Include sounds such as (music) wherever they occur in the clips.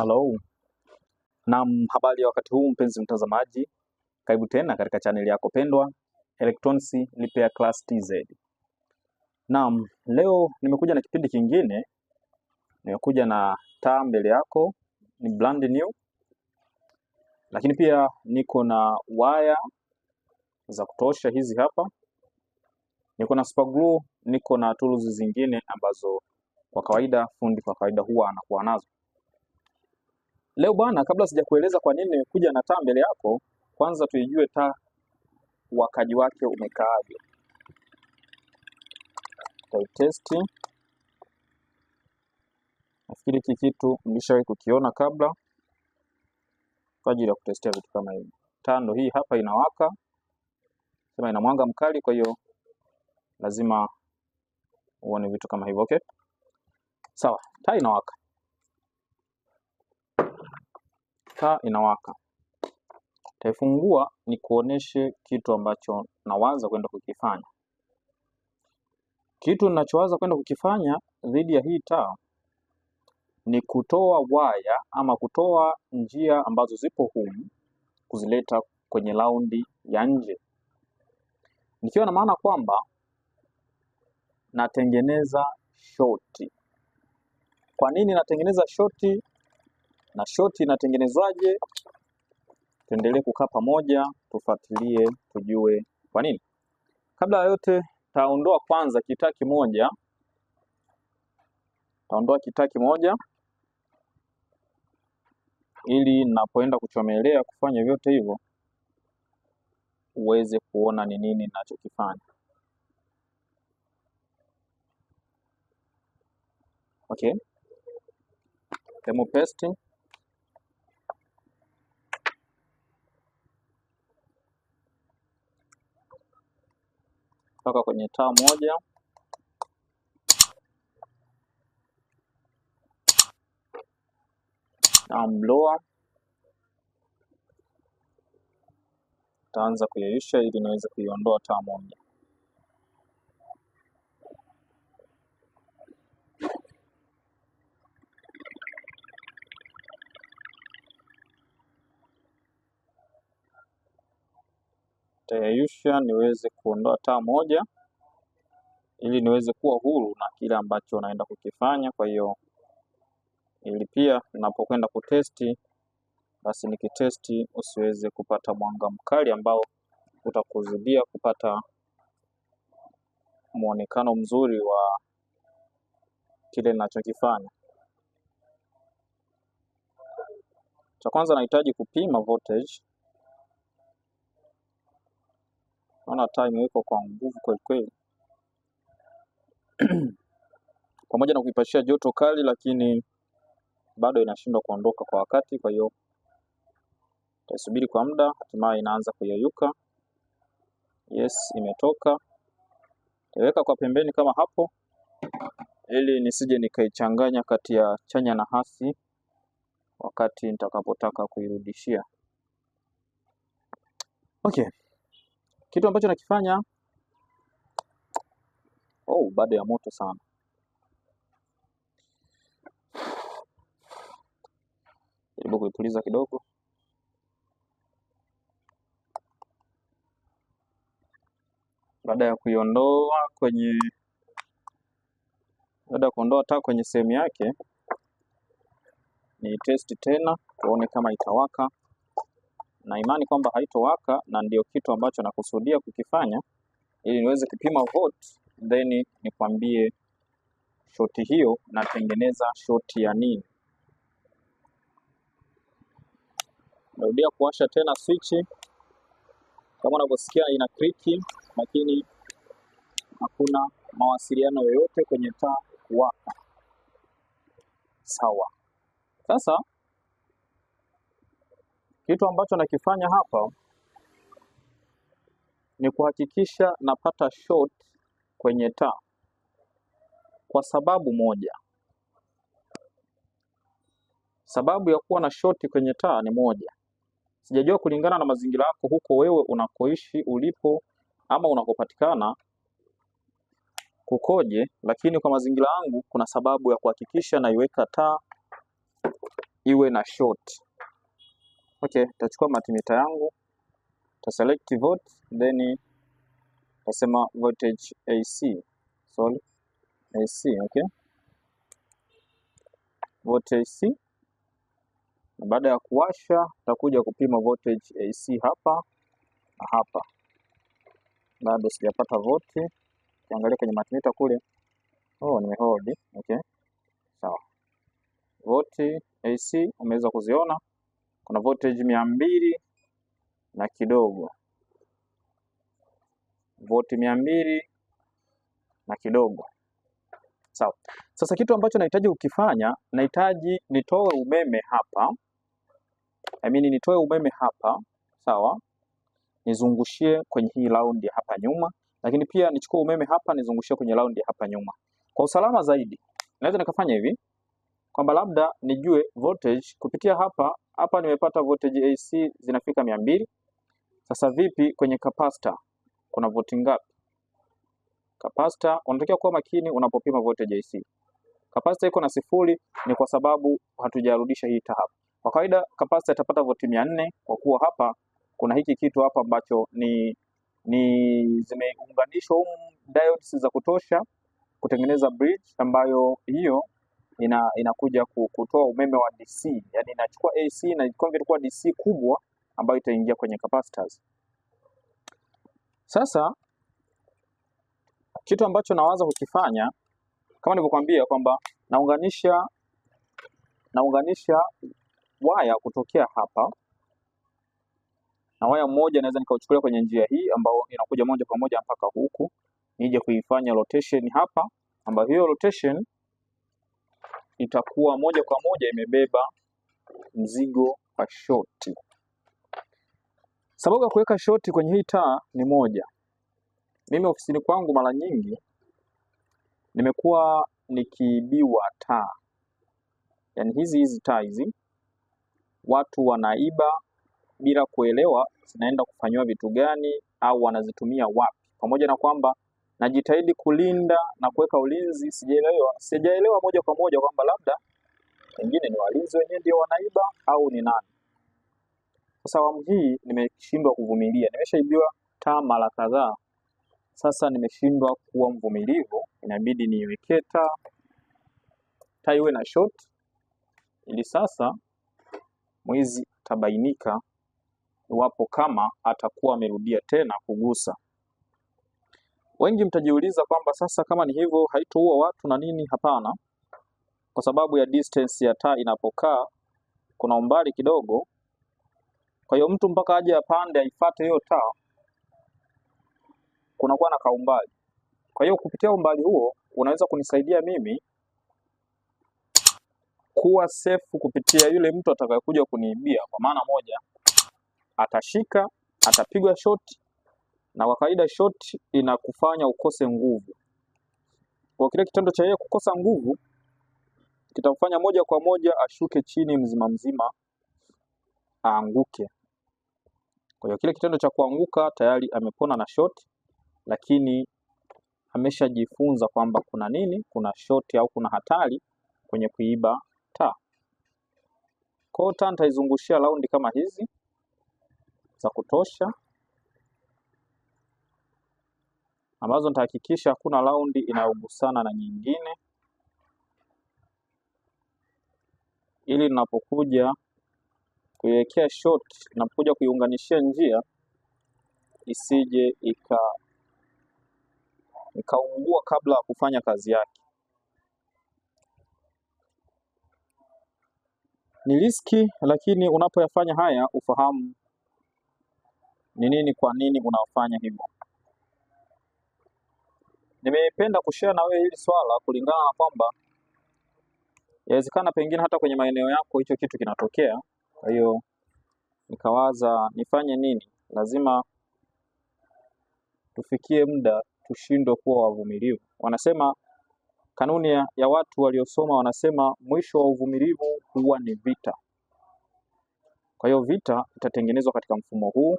Halo. Naam, habari ya wakati huu mpenzi mtazamaji, karibu tena katika chaneli yako pendwa Electronics Repair Class TZ. Naam, leo nimekuja na kipindi kingine, nimekuja na taa mbele yako ni brand new, lakini pia niko na waya za kutosha hizi hapa, niko na super glue, niko na tools zingine ambazo kwa kawaida fundi kwa kawaida huwa anakuwa nazo Leo bwana, kabla sijakueleza kwa nini nimekuja na taa mbele yako, kwanza tuijue taa uwakaji wake umekaaje. Taitesti. Nafikiri hiki kitu mlishawahi kukiona kabla, kwa ajili ya kutestia vitu kama hivi. Taa ndo hii hapa inawaka, sema ina mwanga mkali, kwa hiyo lazima uone vitu kama hivyo. Okay, sawa, taa inawaka. Taa inawaka. taifungua ni kuoneshe kitu ambacho nawaza kwenda kukifanya. Kitu ninachowaza kwenda kukifanya dhidi ya hii taa ni kutoa waya ama kutoa njia ambazo zipo humu kuzileta kwenye laundi ya nje, nikiwa na maana kwamba natengeneza shoti. Kwa nini natengeneza shoti? na shoti inatengenezwaje. Tuendelee kukaa pamoja, tufuatilie, tujue kwa nini. Kabla ya yote, taondoa kwanza kitaa kimoja, taondoa kitaa kimoja ili napoenda kuchomelea kufanya vyote hivyo uweze kuona ni nini ninachokifanya. Okay, paste mpaka kwenye taa moja. Arm blower taanza kuyeyusha ili niweze kuiondoa taa moja. nitayayusha niweze kuondoa taa moja ili niweze kuwa huru na kile ambacho naenda kukifanya. Kwa hiyo ili pia ninapokwenda kutesti, basi nikitesti usiweze kupata mwanga mkali ambao utakuzidia kupata mwonekano mzuri wa kile ninachokifanya. Cha kwanza nahitaji kupima voltage Naona taa imewekwa kwa nguvu kwelikweli kweli (clears throat) pamoja na kuipashia joto kali, lakini bado inashindwa kuondoka kwa wakati. Kwa hiyo taisubiri kwa muda, hatimaye inaanza kuyeyuka. Yes, imetoka. Taweka kwa pembeni kama hapo, ili nisije nikaichanganya kati ya chanya na hasi wakati nitakapotaka kuirudishia. Okay. Kitu ambacho nakifanya oh, baada ya moto sana jaribu kuipuliza kidogo baada ya kuiondoa kwenye baada ya kuondoa taa kwenye sehemu yake, ni test tena tuone kama itawaka na imani kwamba haitowaka, na ndio kitu ambacho nakusudia kukifanya ili niweze kupima volt, then nikwambie shoti hiyo natengeneza shoti ya nini. Narudia kuwasha tena swichi, kama unavyosikia ina kriki, lakini hakuna mawasiliano yoyote kwenye taa kuwaka. Sawa, sasa kitu ambacho nakifanya hapa ni kuhakikisha napata short kwenye taa kwa sababu moja. Sababu ya kuwa na shoti kwenye taa ni moja, sijajua kulingana na mazingira yako huko wewe unakoishi, ulipo ama unakopatikana kukoje, lakini kwa mazingira yangu kuna sababu ya kuhakikisha naiweka taa iwe na shoti. Okay, tachukua multimeter yangu ta select volt then tasema voltage AC. Sorry, AC, okay, voltage AC, na baada ya kuwasha takuja kupima voltage AC hapa na hapa. Bado sijapata voti, kiangalia kwenye multimeter kule. Oh, nimehold. Okay, sawa, voti AC umeweza kuziona kuna voltage mia mbili na kidogo, voti mia mbili na kidogo sawa. So, sasa kitu ambacho nahitaji kukifanya, nahitaji nitoe umeme hapa I mean, nitoe umeme hapa sawa, nizungushie kwenye hii raundi hapa nyuma, lakini pia nichukue umeme hapa nizungushie kwenye raundi hapa nyuma. Kwa usalama zaidi, naweza nikafanya hivi kwamba labda nijue voltage kupitia hapa hapa, nimepata voltage AC zinafika mia mbili. Sasa vipi kwenye capacitor kuna voti ngapi? Capacitor unatakiwa kuwa makini unapopima voltage AC. Capacitor iko na sifuri ni kwa sababu hatujarudisha hii tahap. Kwa kawaida capacitor itapata voti mia nne kwa kuwa hapa kuna hiki kitu hapa ambacho ni ni zimeunganishwa um, diodes za kutosha kutengeneza bridge ambayo hiyo ina, inakuja kutoa umeme wa DC, yani inachukua AC na convert kuwa DC kubwa ambayo itaingia kwenye capacitors. Sasa kitu ambacho nawaza kukifanya kama nilivyokuambia kwamba naunganisha naunganisha waya kutokea hapa na waya mmoja naweza nikauchukulia kwenye njia hii ambayo inakuja moja kwa moja mpaka huku, nije kuifanya rotation hapa, ambayo hiyo rotation itakuwa moja kwa moja imebeba mzigo wa shoti. Sababu ya kuweka shoti kwenye hii taa ni moja, mimi ofisini kwangu mara nyingi nimekuwa nikiibiwa taa, yaani hizi hizi taa hizi watu wanaiba bila kuelewa zinaenda kufanyiwa vitu gani au wanazitumia wapi, pamoja na kwamba najitahidi kulinda na kuweka ulinzi. Sijaelewa, sijaelewa moja kwa moja kwamba labda pengine ni walinzi wenyewe ndio wanaiba au ni nani. Sasa awamu hii nimeshindwa kuvumilia, nimeshaibiwa taa mara kadhaa. Sasa nimeshindwa kuwa mvumilivu, inabidi niweke taa taa iwe na shot ili sasa mwizi atabainika iwapo kama atakuwa amerudia tena kugusa Wengi mtajiuliza kwamba sasa kama ni hivyo haitoua watu na nini? Hapana, kwa sababu ya distance ya taa inapokaa kuna umbali kidogo, kwa hiyo mtu mpaka aje apande aifate hiyo taa kunakuwa na kaumbali. Kwa hiyo kupitia umbali huo unaweza kunisaidia mimi kuwa sefu kupitia yule mtu atakayekuja kuniibia. Kwa maana moja, atashika atapigwa shoti na kwa kawaida short inakufanya ukose nguvu. Kwa kile kitendo cha yeye kukosa nguvu kitamfanya moja kwa moja ashuke chini mzima mzima aanguke. Kwa hiyo kile kitendo cha kuanguka tayari amepona na short, lakini ameshajifunza kwamba kuna nini, kuna short au kuna hatari kwenye kuiba taa. Kwa hiyo taa nitaizungushia raundi kama hizi za kutosha. ambazo nitahakikisha hakuna raundi inayogusana na nyingine, ili ninapokuja kuiwekea short, ninapokuja kuiunganishia njia isije ika ikaungua kabla ya kufanya kazi yake. Ni riski, lakini unapoyafanya haya ufahamu ni nini, kwa nini unafanya hivyo. Nimependa kushare na wewe hili swala kulingana na kwamba yawezekana pengine hata kwenye maeneo yako hicho kitu kinatokea. Kwa hiyo nikawaza nifanye nini. Lazima tufikie muda tushindwe kuwa wavumilivu. Wanasema kanuni ya, ya watu waliosoma wanasema mwisho wa uvumilivu huwa ni vita. Kwa hiyo vita itatengenezwa katika mfumo huu,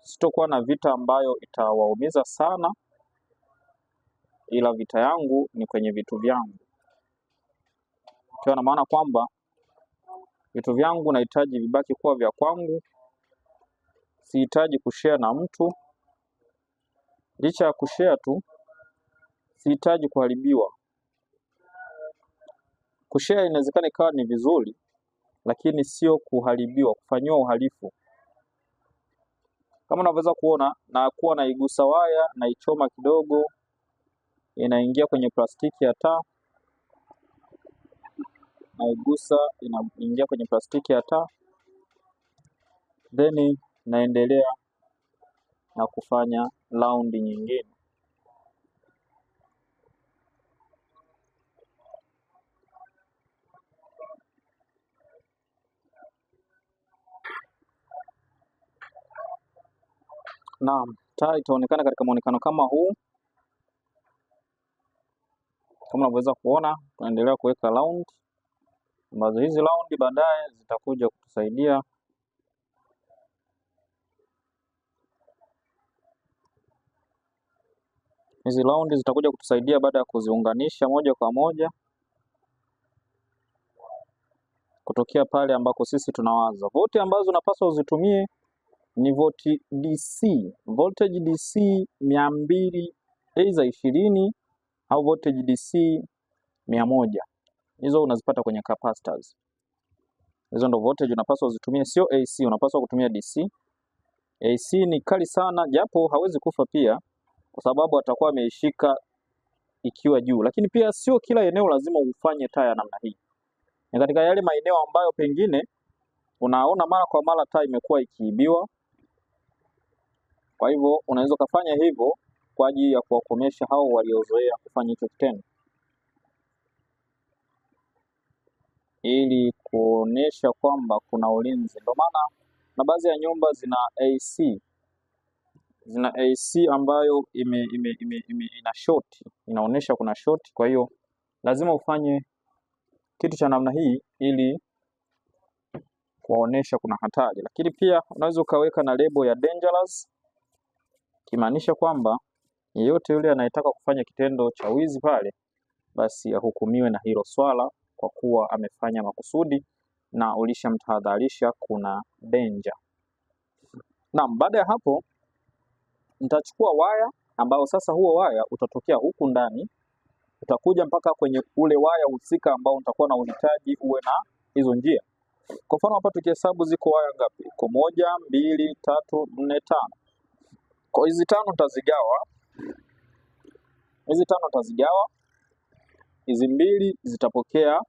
sitokuwa na vita ambayo itawaumiza sana ila vita yangu ni kwenye vitu vyangu, ikiwa na maana kwamba vitu vyangu nahitaji vibaki kuwa vya kwangu, sihitaji kushare na mtu. Licha ya kushare tu, sihitaji kuharibiwa. Kushare inawezekana ikawa ni vizuri, lakini sio kuharibiwa, kufanyiwa uhalifu. Kama unavyoweza kuona, na kuwa naigusa waya naichoma kidogo inaingia kwenye plastiki ya taa, naigusa, inaingia kwenye plastiki ya taa, then naendelea na kufanya raundi nyingine. Naam, taa itaonekana katika muonekano kama huu. Kama unavyoweza kuona, tunaendelea kuweka round ambazo hizi round baadaye zitakuja kutusaidia hizi round zitakuja kutusaidia baada ya kuziunganisha moja kwa moja kutokea pale ambako sisi tunawaza. Voti ambazo unapaswa uzitumie ni voti DC, voltage DC mia mbili aidha ishirini au voltage DC mia moja hizo unazipata kwenye capacitors. Hizo ndo voltage unapaswa uzitumie, sio AC, unapaswa kutumia DC. AC ni kali sana, japo hawezi kufa pia, kwa sababu atakuwa ameishika ikiwa juu, lakini pia sio kila eneo lazima ufanye taa ya namna hii. Ni katika yale maeneo ambayo pengine unaona mara kwa mara taa imekuwa ikiibiwa, kwa hivyo unaweza ukafanya hivyo kwa ajili ya kuwakomesha hao waliozoea kufanya hicho kitendo, ili kuonesha kwamba kuna ulinzi. Ndio maana na baadhi ya nyumba zina AC zina AC ambayo ime, ime, ime, ime, ina shoti, inaonyesha kuna shoti. Kwa hiyo lazima ufanye kitu cha namna hii ili kuwaonesha kuna hatari, lakini pia unaweza ukaweka na lebo ya dangerous, kimaanisha kwamba Yeyote yule anayetaka kufanya kitendo cha wizi pale, basi ahukumiwe na hilo swala, kwa kuwa amefanya makusudi na ulishamtahadharisha kuna danger. Naam, baada ya hapo nitachukua waya ambao sasa huo waya utatokea huku ndani utakuja mpaka kwenye ule waya husika ambao nitakuwa na uhitaji uwe na hizo njia. Kwa mfano hapa tukihesabu ziko waya ngapi? Iko moja, mbili, tatu, nne, tano. Kwa hizi tano nitazigawa Hizi tano tazigawa, hizi mbili zitapokea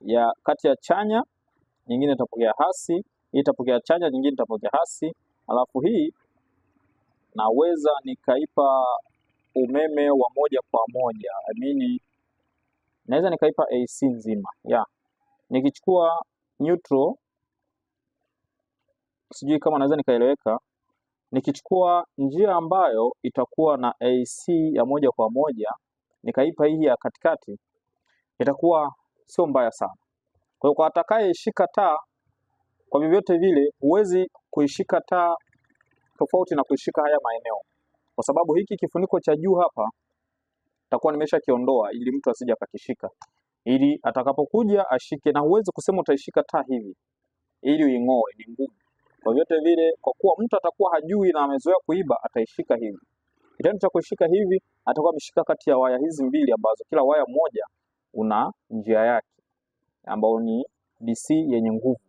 ya kati ya chanya, nyingine itapokea hasi, hii itapokea chanya, nyingine itapokea hasi, alafu hii naweza nikaipa umeme wa moja kwa moja I mean, naweza nikaipa AC nzima ya yeah. Nikichukua neutral, sijui kama naweza nikaeleweka. Nikichukua njia ambayo itakuwa na AC ya moja kwa moja nikaipa hii ya katikati, itakuwa sio mbaya sana. Kwa hiyo kwa atakayeshika taa kwa vyovyote vile, huwezi kuishika taa tofauti na kuishika haya maeneo, kwa sababu hiki kifuniko cha juu hapa takuwa nimesha kiondoa ili mtu asije akakishika, ili atakapokuja ashike. Na huwezi kusema utaishika taa hivi ili uing'oe, ni ngumu. Kwa vyote vile, kwa kuwa mtu atakuwa hajui na amezoea kuiba, ataishika hivi. Kitendo cha kuishika hivi, atakuwa ameshika kati ya waya hizi mbili ambazo kila waya mmoja una njia yake ambayo ni DC yenye nguvu.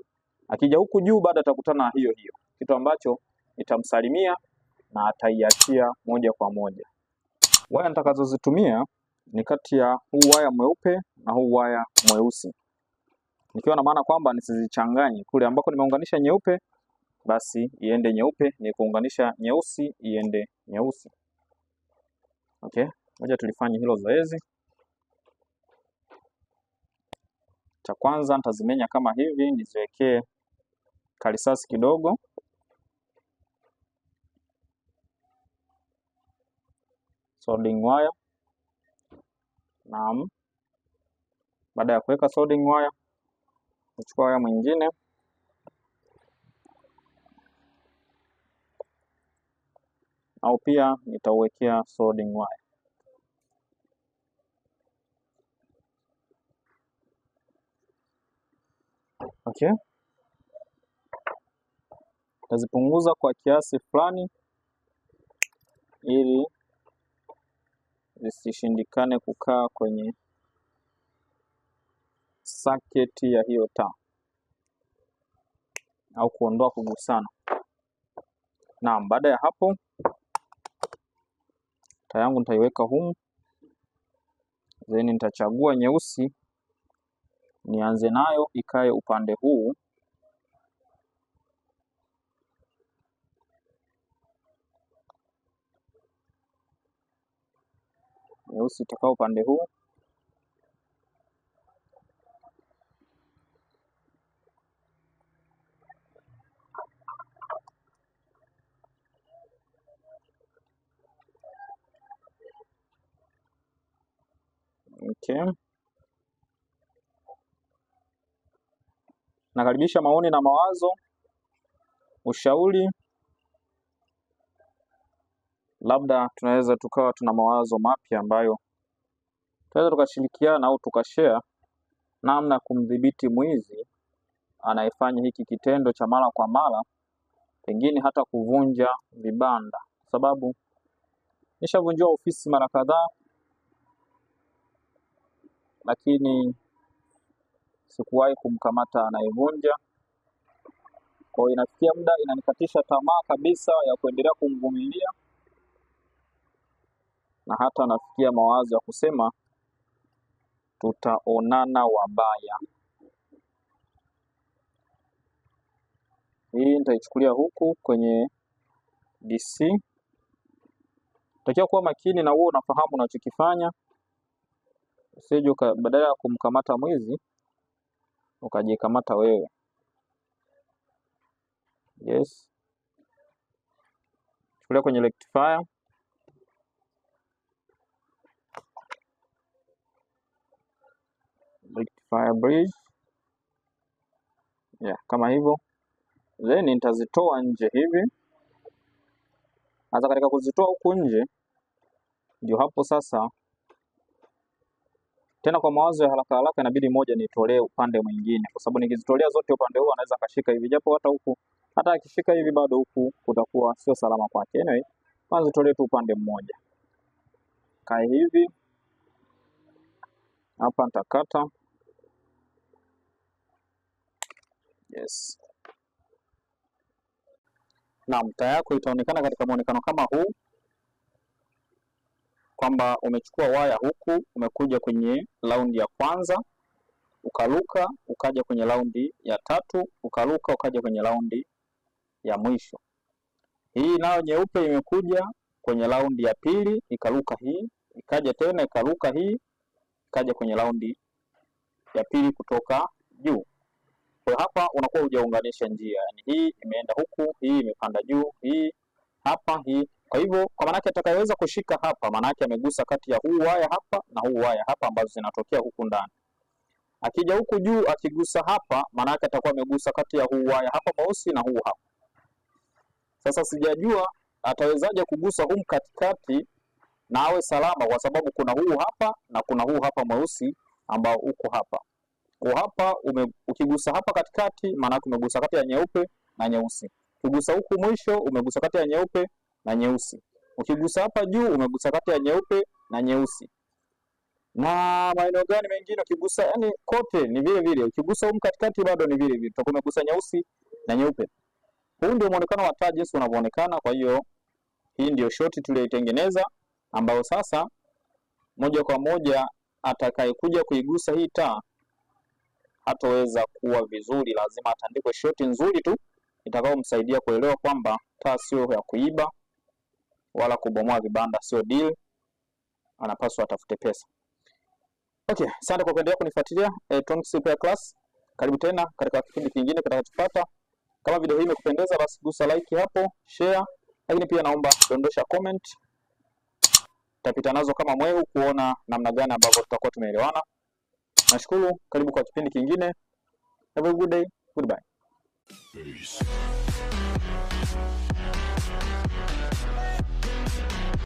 Akija huku juu, bado atakutana na hiyo hiyo, kitu ambacho itamsalimia na ataiachia moja kwa moja. Waya nitakazozitumia ni kati ya huu waya mweupe na huu waya mweusi, nikiwa na maana kwamba nisizichanganye kule ambako nimeunganisha nyeupe basi iende nyeupe ni kuunganisha nyeusi iende nyeusi. Okay, moja tulifanye hilo zoezi. Cha kwanza nitazimenya kama hivi, niziwekee kalisasi kidogo soldering wire. Naam, baada ya kuweka soldering wire, nachukua waya mwingine au pia nitauwekea soldering wire. Okay, tazipunguza kwa kiasi fulani ili zisishindikane kukaa kwenye saketi ya hiyo taa au kuondoa kugusana. Naam, baada ya hapo taa yangu nitaiweka humu, then nitachagua nyeusi, nianze nayo ikae upande huu nyeusi itakaa upande huu Nakaribisha maoni na mawazo, ushauri, labda tunaweza tukawa tuna mawazo mapya ambayo tunaweza tukashirikiana au tukashare namna ya kumdhibiti mwizi anayefanya hiki kitendo cha mara kwa mara, pengine hata kuvunja vibanda, kwa sababu nishavunjiwa ofisi mara kadhaa lakini sikuwahi kumkamata anayevunja. Kwa hiyo inafikia muda inanikatisha tamaa kabisa ya kuendelea kumvumilia, na hata nafikia mawazo ya kusema tutaonana wabaya. Hii nitaichukulia huku kwenye DC. Takiwa kuwa makini na huo, unafahamu unachokifanya. Usije badala ya kumkamata mwizi ukajikamata wewe. Yes, chukulia kwenye rectifier rectifier bridge yeah, kama hivyo, then nitazitoa nje hivi. Hasa katika kuzitoa huku nje, ndio hapo sasa tena kwa mawazo ya haraka haraka inabidi moja nitolee upande mwingine, kwa sababu nikizitolea zote upande huu anaweza akashika hivi, japo hata huku hata akishika hivi bado huku kutakuwa sio salama kwake. Anyway, kwanza tolee tu upande mmoja, kae hivi hapa, nitakata yes. Naam, taa yako itaonekana katika muonekano kama huu kwamba umechukua waya huku, umekuja kwenye raundi ya kwanza ukaruka, ukaja kwenye raundi ya tatu ukaruka, ukaja kwenye raundi ya mwisho. Hii nayo nyeupe imekuja kwenye raundi ya pili ikaruka hii, ikaja tena ikaruka hii, ikaja kwenye raundi ya pili kutoka juu. Kwa hapa unakuwa hujaunganisha njia, yani hii imeenda huku, hii imepanda juu, hii hapa, hii kwa hivyo kwa maanake atakayeweza kushika hapa, maanake amegusa kati ya huu waya hapa na huu waya hapa, ambazo zinatokea huku ndani. Akija huku juu akigusa hapa, maanake atakuwa amegusa kati ya huu waya hapa mweusi na huu hapa. Sasa sijajua atawezaje kugusa huu katikati na awe salama, kwa sababu kuna huu hapa na kuna huu hapa mweusi ambao uko hapa. Huu hapa ume, ukigusa hapa katikati, maanake umegusa kati ya nyeupe na nyeusi. Ukigusa huku mwisho umegusa kati ya nyeupe na nyeusi. Ukigusa hapa juu umegusa kati ya nyeupe na nyeusi. Na maeneo gani mengine ukigusa, yani kote ni vile vile. Ukigusa huko katikati bado ni vile vile. Utakuwa umegusa nyeusi na nyeupe. Huu ndio muonekano wa taa jinsi unavyoonekana. Kwa hiyo hii ndio shoti tuliyoitengeneza ambayo sasa moja kwa moja atakayekuja kuigusa hii taa hataweza kuwa vizuri, lazima atandikwe shoti nzuri tu itakayomsaidia kuelewa kwamba taa sio ya kuiba wala kubomoa vibanda sio deal, anapaswa atafute pesa. Okay, asante kwa kuendelea kunifuatilia Electronics eh, Repair Class. Karibu tena katika kipindi kingine kitakachopata. Kama video hii imekupendeza, basi gusa like hapo, share, lakini pia naomba dondosha comment. Tapita nazo kama mweu kuona namna gani ambavyo tutakuwa tumeelewana. Nashukuru, karibu kwa kipindi kingine. Have a good day. Goodbye. Peace.